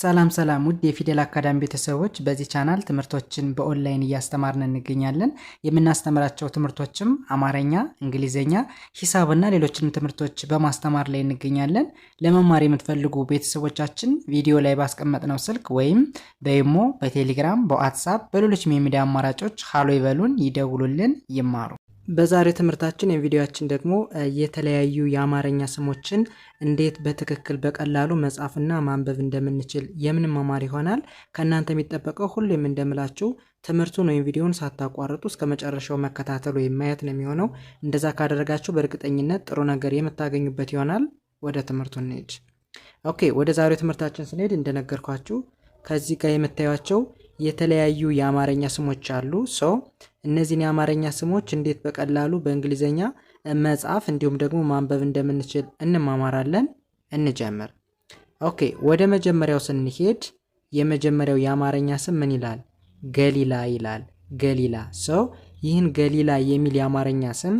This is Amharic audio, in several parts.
ሰላም ሰላም ውድ የፊደል አካዳሚ ቤተሰቦች፣ በዚህ ቻናል ትምህርቶችን በኦንላይን እያስተማርን እንገኛለን። የምናስተምራቸው ትምህርቶችም አማረኛ እንግሊዝኛ፣ ሂሳብና ሌሎችንም ትምህርቶች በማስተማር ላይ እንገኛለን። ለመማር የምትፈልጉ ቤተሰቦቻችን ቪዲዮ ላይ ባስቀመጥነው ስልክ ወይም በይሞ በቴሌግራም፣ በዋትሳፕ፣ በሌሎች የሚዲያ አማራጮች ሀሎ ይበሉን፣ ይደውሉልን፣ ይማሩ። በዛሬ ትምህርታችን የቪዲዮችን ደግሞ የተለያዩ የአማርኛ ስሞችን እንዴት በትክክል በቀላሉ መጻፍና ማንበብ እንደምንችል የምንማማር ይሆናል። ከእናንተ የሚጠበቀው ሁሌም እንደምላችሁ ትምህርቱን ወይም ቪዲዮን ሳታቋርጡ እስከ መጨረሻው መከታተሉ የማየት ነው የሚሆነው። እንደዛ ካደረጋችሁ በእርግጠኝነት ጥሩ ነገር የምታገኙበት ይሆናል። ወደ ትምህርቱ እንሄድ። ኦኬ፣ ወደ ዛሬው ትምህርታችን ስንሄድ እንደነገርኳችሁ ከዚህ ጋር የምታዩቸው የተለያዩ የአማርኛ ስሞች አሉ። ሶ እነዚህን የአማርኛ ስሞች እንዴት በቀላሉ በእንግሊዝኛ መጻፍ እንዲሁም ደግሞ ማንበብ እንደምንችል እንማማራለን። እንጀምር። ኦኬ፣ ወደ መጀመሪያው ስንሄድ የመጀመሪያው የአማርኛ ስም ምን ይላል? ገሊላ ይላል። ገሊላ። ሶ ይህን ገሊላ የሚል የአማርኛ ስም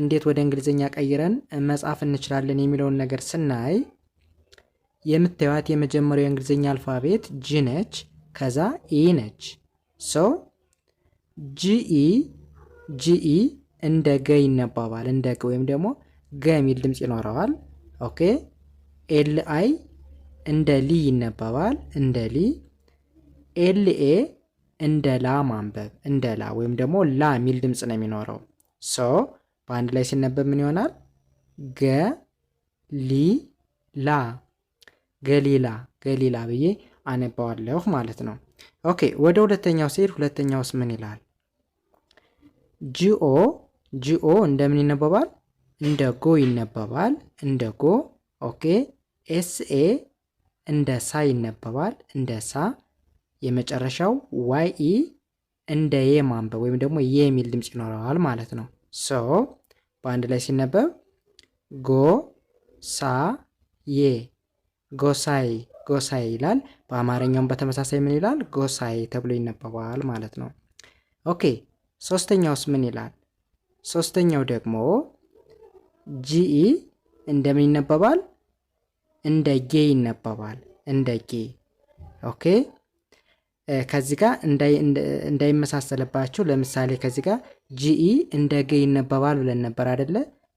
እንዴት ወደ እንግሊዝኛ ቀይረን መጻፍ እንችላለን የሚለውን ነገር ስናይ የምታዩት የመጀመሪያው የእንግሊዝኛ አልፋቤት ጂ ነች። ከዛ ኢ ነች። ሶ ጂኢ ጂኢ እንደ ገ ይነባባል። እንደ ገ ወይም ደግሞ ገ የሚል ድምፅ ይኖረዋል። ኦኬ ኤል አይ እንደ ሊ ይነባባል። እንደ ሊ ኤል ኤ እንደ ላ ማንበብ እንደ ላ ወይም ደግሞ ላ የሚል ድምፅ ነው የሚኖረው። ሶ በአንድ ላይ ሲነበብ ምን ይሆናል? ገ ሊ ላ ገሊላ ገሊላ ብዬ አነባዋለሁ ማለት ነው። ኦኬ ወደ ሁለተኛው ሲሄድ ሁለተኛውስ ምን ይላል? ጂኦ ጂኦ እንደምን ይነበባል? እንደ ጎ ይነበባል። እንደ ጎ ኦኬ። ኤስኤ እንደ ሳ ይነበባል። እንደ ሳ የመጨረሻው ዋይ ኢ እንደ የ ማንበብ ወይም ደግሞ የ የሚል ድምፅ ይኖረዋል ማለት ነው። ሶ በአንድ ላይ ሲነበብ ጎ ሳ የ ጎሳዬ ጎሳይ ይላል። በአማርኛውም በተመሳሳይ ምን ይላል? ጎሳዬ ተብሎ ይነበባል ማለት ነው። ኦኬ ሶስተኛውስ ምን ይላል? ሶስተኛው ደግሞ ጂኢ እንደምን ይነበባል? እንደ ጌ ይነበባል። እንደ ጌ ኦኬ። ከዚህ ጋር እንዳይመሳሰልባችሁ ለምሳሌ ከዚህ ጋር ጂኢ እንደ ጌ ይነበባል ብለን ነበር አደለ?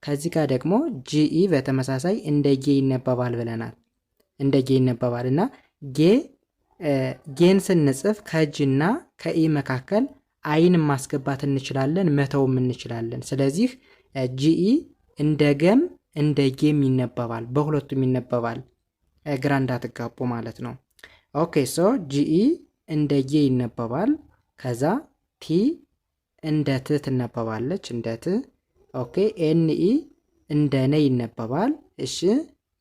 ከዚህ ጋር ደግሞ ጂኢ በተመሳሳይ እንደ ጌ ይነበባል ብለናል። እንደ ጌ ይነበባል እና ጌ ጌን ስንጽፍ ከእጅና ከኢ መካከል አይን ማስገባት እንችላለን፣ መተውም እንችላለን። ስለዚህ ጂኢ እንደ ገም እንደ ጌም ይነበባል፣ በሁለቱም ይነበባል። ግራ እንዳትጋቡ ማለት ነው። ኦኬ ሶ ጂኢ እንደ ጌ ይነበባል። ከዛ ቲ እንደ ት ትነበባለች፣ እንደ ት። ኦኬ ኤንኢ እንደ ነ ይነበባል። እሺ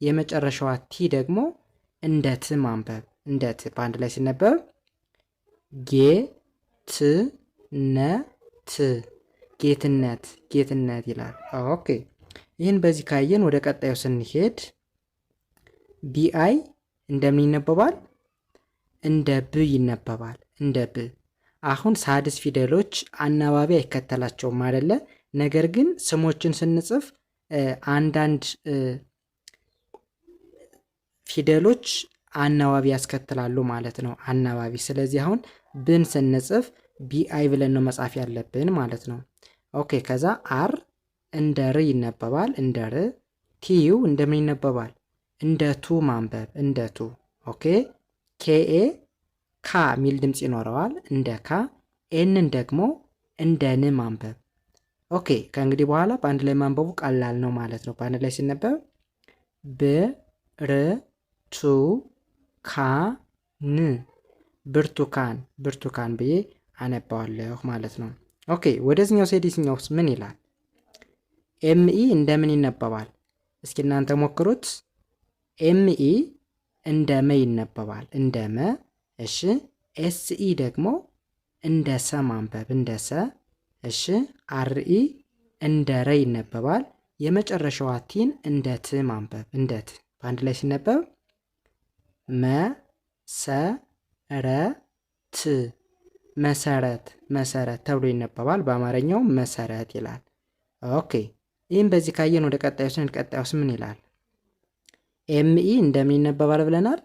የመጨረሻዋ ቲ ደግሞ እንደ ት ማንበብ እንደ ት በአንድ ላይ ሲነበብ ጌ ት ነ ት ጌትነት ጌትነት ይላል። ኦኬ ይህን በዚህ ካየን ወደ ቀጣዩ ስንሄድ ቢአይ እንደምን ይነበባል? እንደ ብ ይነበባል። እንደ ብ አሁን ሳድስ ፊደሎች አናባቢ አይከተላቸውም አይደለ? ነገር ግን ስሞችን ስንጽፍ አንዳንድ ፊደሎች አናባቢ ያስከትላሉ ማለት ነው። አናባቢ ስለዚህ አሁን ብን ስንጽፍ ቢአይ ብለን ነው መጻፍ ያለብን ማለት ነው። ኦኬ ከዛ አር እንደ ር ይነበባል። እንደ ር ቲዩ እንደምን ይነበባል? እንደ ቱ ማንበብ እንደ ቱ። ኦኬ ኬኤ ካ ሚል ድምፅ ይኖረዋል እንደ ካ። ኤንን ደግሞ እንደ ን ማንበብ። ኦኬ ከእንግዲህ በኋላ በአንድ ላይ ማንበቡ ቀላል ነው ማለት ነው። በአንድ ላይ ሲነበብ ብር ቱ ካ ን ብርቱካን ብርቱካን ብዬ አነባዋለሁ ማለት ነው። ኦኬ ወደዚኛው ወደዚህኛው ሴዲስኛውስ ምን ይላል? ኤምኢ እንደምን ይነበባል? እስኪ እናንተ ሞክሩት። ኤምኢ እንደ መ ይነበባል፣ እንደ መ። እሺ ኤስኢ ደግሞ እንደ ሰ ማንበብ እንደ ሰ። እሺ አርኢ እንደ ረ ይነበባል። የመጨረሻዋ ቲን እንደ ት ማንበብ እንደ ት። በአንድ ላይ ሲነበብ መሰረት መሰረት መሰረት ተብሎ ይነበባል። በአማርኛው መሰረት ይላል። ኦኬ ይህም በዚህ ካየን ወደ ቀጣዩ ስንል ቀጣዩስ ምን ይላል? ኤምኢ እንደምን ይነበባል ብለናል።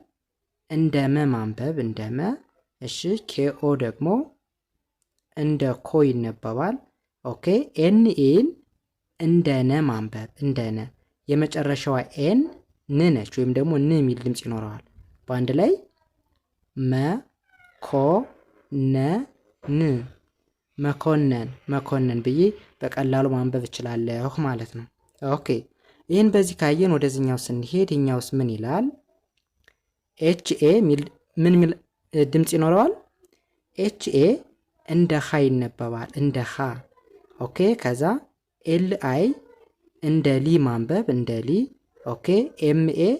እንደ መ ማንበብ እንደ መ። እሺ ኬኦ ደግሞ እንደ ኮ ይነበባል። ኦኬ ኤንኢን እንደ ነ ማንበብ እንደ ነ። የመጨረሻዋ ኤን ን ነች፣ ወይም ደግሞ ን የሚል ድምፅ ይኖረዋል። በአንድ ላይ መኮነን መኮነን መኮነን ብዬ በቀላሉ ማንበብ እችላለሁ ማለት ነው። ኦኬ ይህን በዚህ ካየን ወደዚህኛው ስንሄድ ይህኛውስ ምን ይላል? ኤች ኤ ምን ሚል ድምፅ ይኖረዋል? ኤች ኤ እንደ ሀ ይነበባል እንደ ሀ። ኦኬ ከዛ ኤል አይ እንደ ሊ ማንበብ እንደ ሊ። ኦኬ ኤም ኤ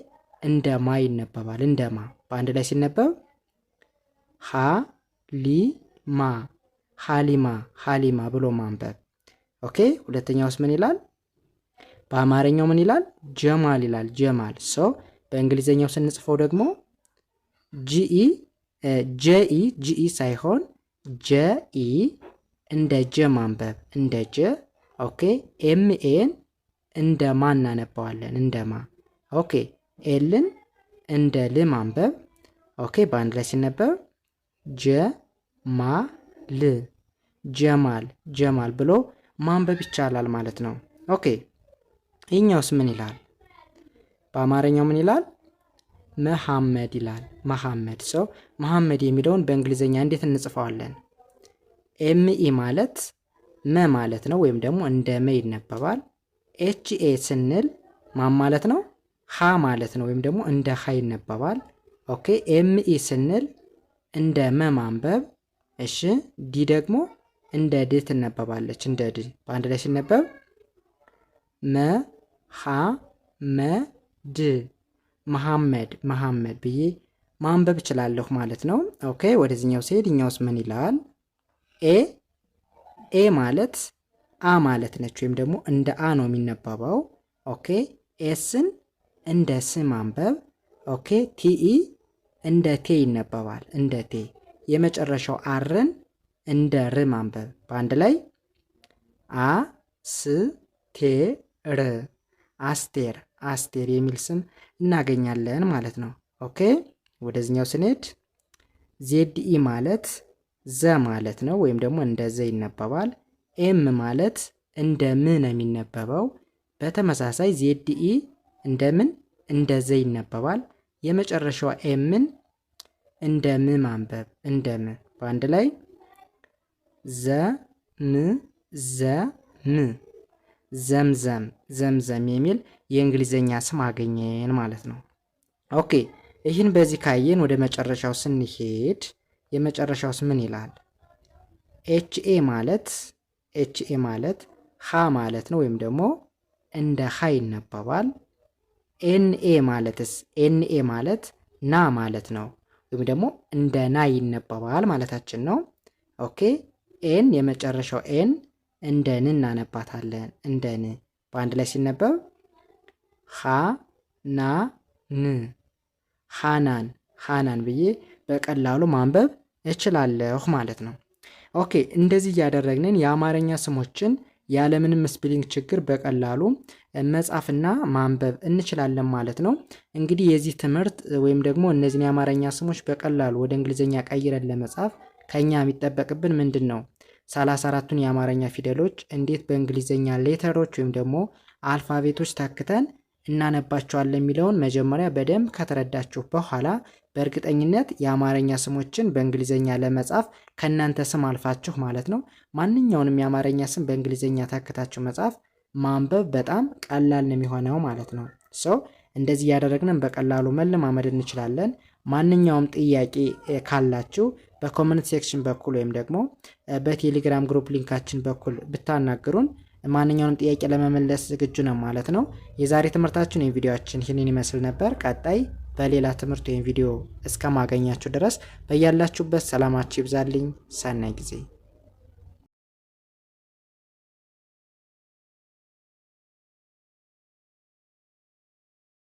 እንደ ማ ይነበባል። እንደ ማ በአንድ ላይ ሲነበብ ሀ ሊ ማ ሀሊማ ሀሊማ ብሎ ማንበብ። ኦኬ ሁለተኛውስ ምን ይላል? በአማርኛው ምን ይላል? ጀማል ይላል። ጀማል ሶ በእንግሊዝኛው ስንጽፈው ደግሞ ጂኢ ጀኢ ጂኢ ሳይሆን ጀኢ እንደ ጀ ማንበብ እንደ ጀ። ኦኬ ኤምኤን እንደ ማ እናነባዋለን እንደ ማ ኦኬ ኤልን እንደ ል ማንበብ ኦኬ። በአንድ ላይ ሲነበብ ል ጀማል ጀማል ብሎ ማንበብ ይቻላል ማለት ነው። ኦኬ ይህኛውስ ምን ይላል? በአማርኛው ምን ይላል? መሐመድ ይላል። መሐመድ ሰው መሐመድ የሚለውን በእንግሊዝኛ እንዴት እንጽፈዋለን? ኤምኢ ማለት መ ማለት ነው፣ ወይም ደግሞ እንደ መ ይነበባል። ኤችኤ ስንል ማን ማለት ነው? ሀ ማለት ነው ወይም ደግሞ እንደ ሀ ይነበባል። ኦኬ ኢ ስንል እንደ መ ማንበብ እሺ። ዲ ደግሞ እንደ ድ ትነበባለች። እንደ ድ በአንድ ላይ ሲነበብ መ ሀ መ ድ መሐመድ መሐመድ ብዬ ማንበብ እችላለሁ ማለት ነው። ኦኬ ወደዚህኛው ሲሄድ እኛውስ ምን ይላል? ኤ ኤ ማለት አ ማለት ነች ወይም ደግሞ እንደ አ ነው የሚነበበው። ኦኬ ኤስን እንደ ስ ማንበብ ኦኬ። ቲኢ እንደ ቴ ይነበባል። እንደ ቴ የመጨረሻው አርን እንደ ር ማንበብ በአንድ ላይ አ ስ ቴ ር አስቴር አስቴር የሚል ስም እናገኛለን ማለት ነው። ኦኬ ወደዚኛው ስንሄድ ዜድኢ ማለት ዘ ማለት ነው፣ ወይም ደግሞ እንደ ዘ ይነበባል። ኤም ማለት እንደ ም ነው የሚነበበው። በተመሳሳይ ዜድኢ እንደ ምን እንደ ዘ ይነበባል። የመጨረሻዋ ኤምን እንደ ም ማንበብ እንደ ም በአንድ ላይ ዘ ም ዘ ም ዘምዘም ዘምዘም የሚል የእንግሊዝኛ ስም አገኘን ማለት ነው። ኦኬ ይህን በዚህ ካየን ወደ መጨረሻው ስንሄድ የመጨረሻውስ ምን ይላል? ኤችኤ ማለት ኤችኤ ማለት ሃ ማለት ነው። ወይም ደግሞ እንደ ሀ ይነበባል። ኤንኤ ማለትስ ኤንኤ ማለት ና ማለት ነው። ወይም ደግሞ እንደ ና ይነበባል ማለታችን ነው። ኦኬ ኤን የመጨረሻው ኤን እንደ ን እናነባታለን። እንደ ን በአንድ ላይ ሲነበብ ሀ ና ን ሃናን ሃናን ብዬ በቀላሉ ማንበብ እችላለሁ ማለት ነው። ኦኬ እንደዚህ እያደረግንን የአማርኛ ስሞችን ያለምንም ስፒሊንግ ችግር በቀላሉ መጻፍና ማንበብ እንችላለን ማለት ነው። እንግዲህ የዚህ ትምህርት ወይም ደግሞ እነዚህን የአማርኛ ስሞች በቀላሉ ወደ እንግሊዝኛ ቀይረን ለመጻፍ ከኛ የሚጠበቅብን ምንድን ነው? 34 ቱን የአማርኛ ፊደሎች እንዴት በእንግሊዝኛ ሌተሮች ወይም ደግሞ አልፋቤቶች ተክተን እናነባቸዋለን የሚለውን መጀመሪያ በደንብ ከተረዳችሁ በኋላ በእርግጠኝነት የአማርኛ ስሞችን በእንግሊዝኛ ለመጻፍ ከእናንተ ስም አልፋችሁ ማለት ነው ማንኛውንም የአማርኛ ስም በእንግሊዝኛ ተክታችሁ መጻፍ ማንበብ በጣም ቀላል ነው የሚሆነው ማለት ነው። ሰው እንደዚህ እያደረግንን በቀላሉ መለማመድ እንችላለን። ማንኛውም ጥያቄ ካላችሁ በኮመንት ሴክሽን በኩል ወይም ደግሞ በቴሌግራም ግሩፕ ሊንካችን በኩል ብታናግሩን ማንኛውንም ጥያቄ ለመመለስ ዝግጁ ነው ማለት ነው። የዛሬ ትምህርታችን ወይም ቪዲዮችን ይህንን ይመስል ነበር። ቀጣይ በሌላ ትምህርት ወይም ቪዲዮ እስከማገኛችሁ ድረስ በያላችሁበት ሰላማችሁ ይብዛልኝ። ሰናይ ጊዜ